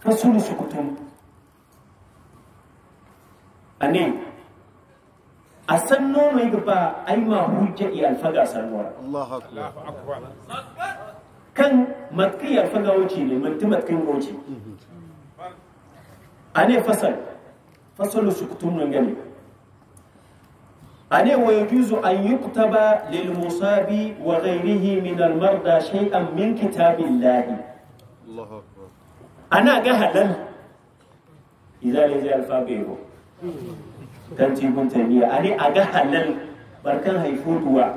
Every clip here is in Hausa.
ka sulu su kutum ne. a san nome ga ba ai ma hujja i alfaga sanuwar kan matki alfaga wuce ne manti matkin wuce ne fasal fasalu su kutum nan gani أني ويجوز أن يكتب للمصاب وغيره من المرضى شيئا من كتاب الله الله ana ga halal zai ya ji ba. tan cikin tamiya ani a ga halal barkan haifo duwa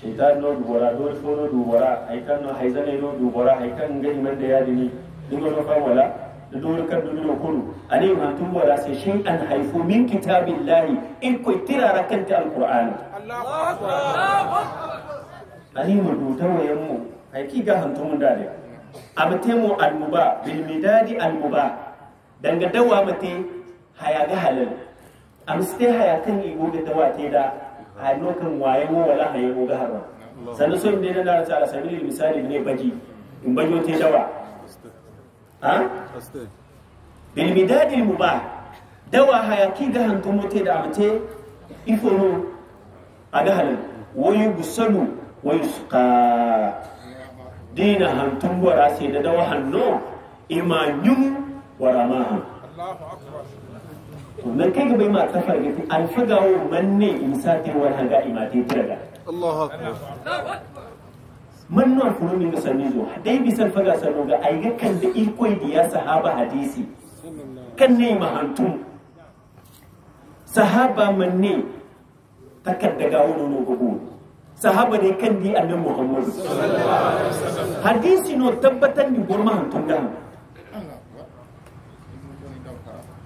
shaitan no dubora dole so no dubora haikan no haizane no dubora haikan gani man da yadi ni din no fa wala da dole kan dole no A ani ma tun wala sai shin an haifo min kitabillahi in ko rakan ta alqur'ani Allahu akbar ani mu dutawayen mu haiki ga hantumun da ne abtemu almuba bil midadi almuba danga dawa mate haya ga halal amste haya kan igo ga dawa te da a lokan waye mo wala haya go ga haram sannan so inda na rasa ala sabili misali ne baji in bajo te dawa ha bil midadi almuba dawa haya ki ga han kuma te da amte ifo no a ga halal wayu busalu wayu suqa dina hantun wara sai da dawa hannu imanyun wara ma nan kai ga bai ma tafa ga alfagawo manne isa te war hanga imate tiraga Allahu akbar man no furu ni zo dai bisan faga sanu ga ai ga kan da ikoi ya sahaba hadisi kan ne mahantum sahaba manne takaddaga wono no gogo kan di annabi muhammad hadisi no tabbatan ni gurma hantun da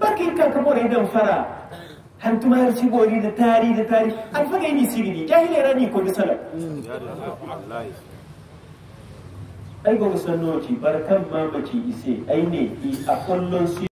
bakin kan ka bore dan fara hantu mai ci gori da tari da tari an faga ni sigiri jahilai rani ko da sala ai go wasu noci barkan mamaci ise ai ne a kullun